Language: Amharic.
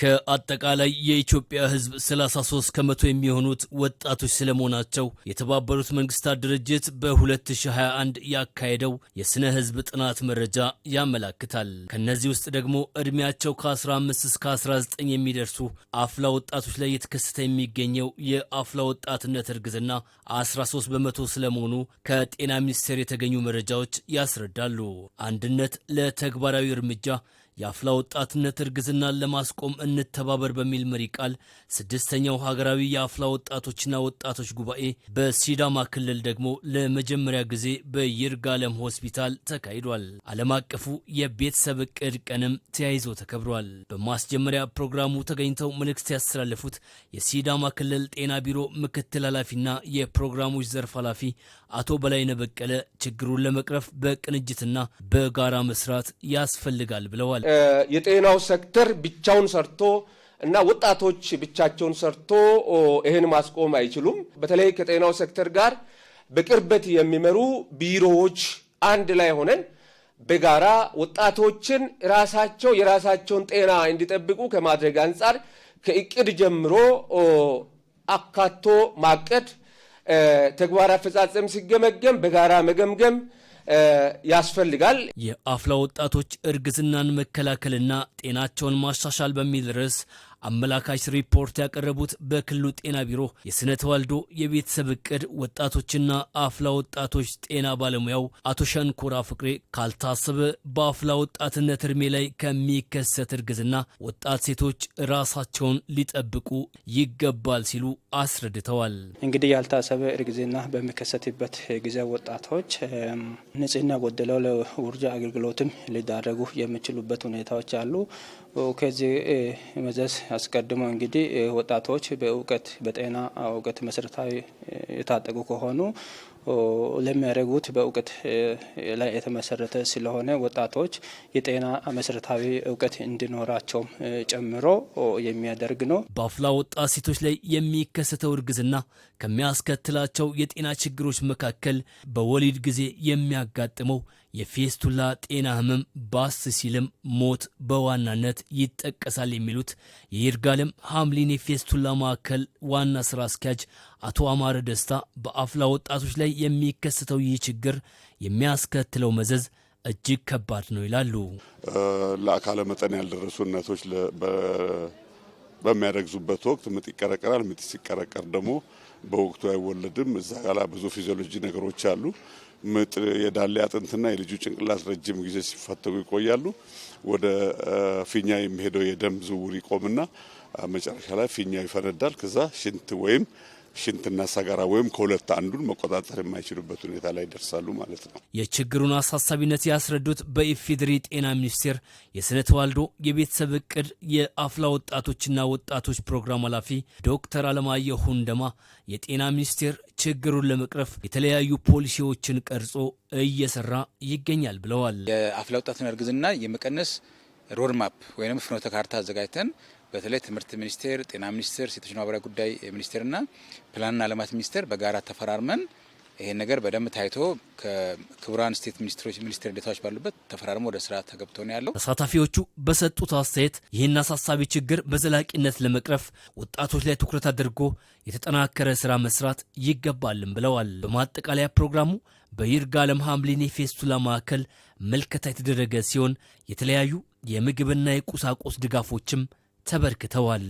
ከአጠቃላይ የኢትዮጵያ ሕዝብ 33 ከመቶ የሚሆኑት ወጣቶች ስለመሆናቸው የተባበሩት መንግስታት ድርጅት በ2021 ያካሄደው የስነ ሕዝብ ጥናት መረጃ ያመላክታል። ከእነዚህ ውስጥ ደግሞ ዕድሜያቸው ከ15 እስከ 19 የሚደርሱ አፍላ ወጣቶች ላይ የተከሰተ የሚገኘው የአፍላ ወጣትነት እርግዝና 13 በመቶ ስለመሆኑ ከጤና ሚኒስቴር የተገኙ መረጃዎች ያስረዳሉ። አንድነት ለተግባራዊ እርምጃ የአፍላ ወጣትነት እርግዝናን ለማስቆም እንተባበር በሚል መሪ ቃል ስድስተኛው ሀገራዊ የአፍላ ወጣቶችና ወጣቶች ጉባኤ በሲዳማ ክልል ደግሞ ለመጀመሪያ ጊዜ በይርጋለም ሆስፒታል ተካሂዷል። ዓለም አቀፉ የቤተሰብ እቅድ ቀንም ተያይዞ ተከብሯል። በማስጀመሪያ ፕሮግራሙ ተገኝተው መልእክት ያስተላለፉት የሲዳማ ክልል ጤና ቢሮ ምክትል ኃላፊና የፕሮግራሞች ዘርፍ ኃላፊ አቶ በላይነ በቀለ ችግሩን ለመቅረፍ በቅንጅትና በጋራ መስራት ያስፈልጋል ብለዋል። የጤናው ሴክተር ብቻውን ሰርቶ እና ወጣቶች ብቻቸውን ሰርቶ ይህን ማስቆም አይችሉም። በተለይ ከጤናው ሴክተር ጋር በቅርበት የሚመሩ ቢሮዎች አንድ ላይ ሆነን በጋራ ወጣቶችን ራሳቸው የራሳቸውን ጤና እንዲጠብቁ ከማድረግ አንጻር ከእቅድ ጀምሮ አካቶ ማቀድ፣ ተግባር አፈጻጸም ሲገመገም በጋራ መገምገም ያስፈልጋል። የአፍላ ወጣቶች እርግዝናን መከላከልና ጤናቸውን ማሻሻል በሚል ርዕስ አመላካች ሪፖርት ያቀረቡት በክልሉ ጤና ቢሮ የስነ ተዋልዶ የቤተሰብ እቅድ ወጣቶችና አፍላ ወጣቶች ጤና ባለሙያው አቶ ሸንኮራ ፍቅሬ ካልታሰበ በአፍላ ወጣትነት እድሜ ላይ ከሚከሰት እርግዝና ወጣት ሴቶች ራሳቸውን ሊጠብቁ ይገባል ሲሉ አስረድተዋል። እንግዲህ ያልታሰበ እርግዝና በሚከሰትበት ጊዜ ወጣቶች ንጽህና ጎደለው ለውርጃ አገልግሎትም ሊዳረጉ የሚችሉበት ሁኔታዎች አሉ። ከዚህ መዘዝ አስቀድሞ እንግዲህ ወጣቶች በእውቀት በጤና እውቀት መሰረታዊ የታጠቁ ከሆኑ ለሚያደርጉት በእውቀት ላይ የተመሰረተ ስለሆነ ወጣቶች የጤና መሰረታዊ እውቀት እንዲኖራቸውም ጨምሮ የሚያደርግ ነው። በአፍላ ወጣት ሴቶች ላይ የሚከሰተው እርግዝና ከሚያስከትላቸው የጤና ችግሮች መካከል በወሊድ ጊዜ የሚያጋጥመው የፌስቱላ ጤና ህመም ባስ ሲልም ሞት በዋናነት ይጠቀሳል የሚሉት የይርጋለም ሐምሊን የፌስቱላ ማዕከል ዋና ስራ አስኪያጅ አቶ አማረ ደስታ በአፍላ ወጣቶች ላይ የሚከሰተው ይህ ችግር የሚያስከትለው መዘዝ እጅግ ከባድ ነው ይላሉ። ለአካለ መጠን ያልደረሱ እናቶች በሚያረግዙበት ወቅት ምጥ ይቀረቀራል። ምጥ ሲቀረቀር ደግሞ በወቅቱ አይወለድም። እዛ ጋላ ብዙ ፊዚዮሎጂ ነገሮች አሉ። ምጥ የዳሌ አጥንትና የልጁ ጭንቅላት ረጅም ጊዜ ሲፈተጉ ይቆያሉ። ወደ ፊኛ የሚሄደው የደም ዝውውር ይቆምና መጨረሻ ላይ ፊኛው ይፈነዳል። ከዛ ሽንት ወይም ሽንትና ሰጋራ ወይም ከሁለት አንዱን መቆጣጠር የማይችሉበት ሁኔታ ላይ ይደርሳሉ ማለት ነው። የችግሩን አሳሳቢነት ያስረዱት በኢፌዴሪ ጤና ሚኒስቴር የስነ ተዋልዶ የቤተሰብ እቅድ የአፍላ ወጣቶችና ወጣቶች ፕሮግራም ኃላፊ ዶክተር አለማየሁ ሁንደማ የጤና ሚኒስቴር ችግሩን ለመቅረፍ የተለያዩ ፖሊሲዎችን ቀርጾ እየሰራ ይገኛል ብለዋል። የአፍላ ወጣትን እርግዝና የመቀነስ ሮድማፕ ወይም ፍኖተ ካርታ አዘጋጅተን በተለይ ትምህርት ሚኒስቴር፣ ጤና ሚኒስቴር፣ ሴቶች ማህበራዊ ጉዳይ ሚኒስቴርና ፕላንና ልማት ሚኒስቴር በጋራ ተፈራርመን ይሄን ነገር በደንብ ታይቶ ከክቡራን ስቴት ሚኒስትሮች ሚኒስትር ዴታዎች ባሉበት ተፈራርሞ ወደ ስራ ተገብቶ ነው ያለው። ተሳታፊዎቹ በሰጡት አስተያየት ይህን አሳሳቢ ችግር በዘላቂነት ለመቅረፍ ወጣቶች ላይ ትኩረት አድርጎ የተጠናከረ ስራ መስራት ይገባልም ብለዋል። በማጠቃለያ ፕሮግራሙ በይርጋለም ሐምሊኔ ፌስቱላ ማዕከል መልከታ የተደረገ ሲሆን የተለያዩ የምግብና የቁሳቁስ ድጋፎችም ተበርክተዋል።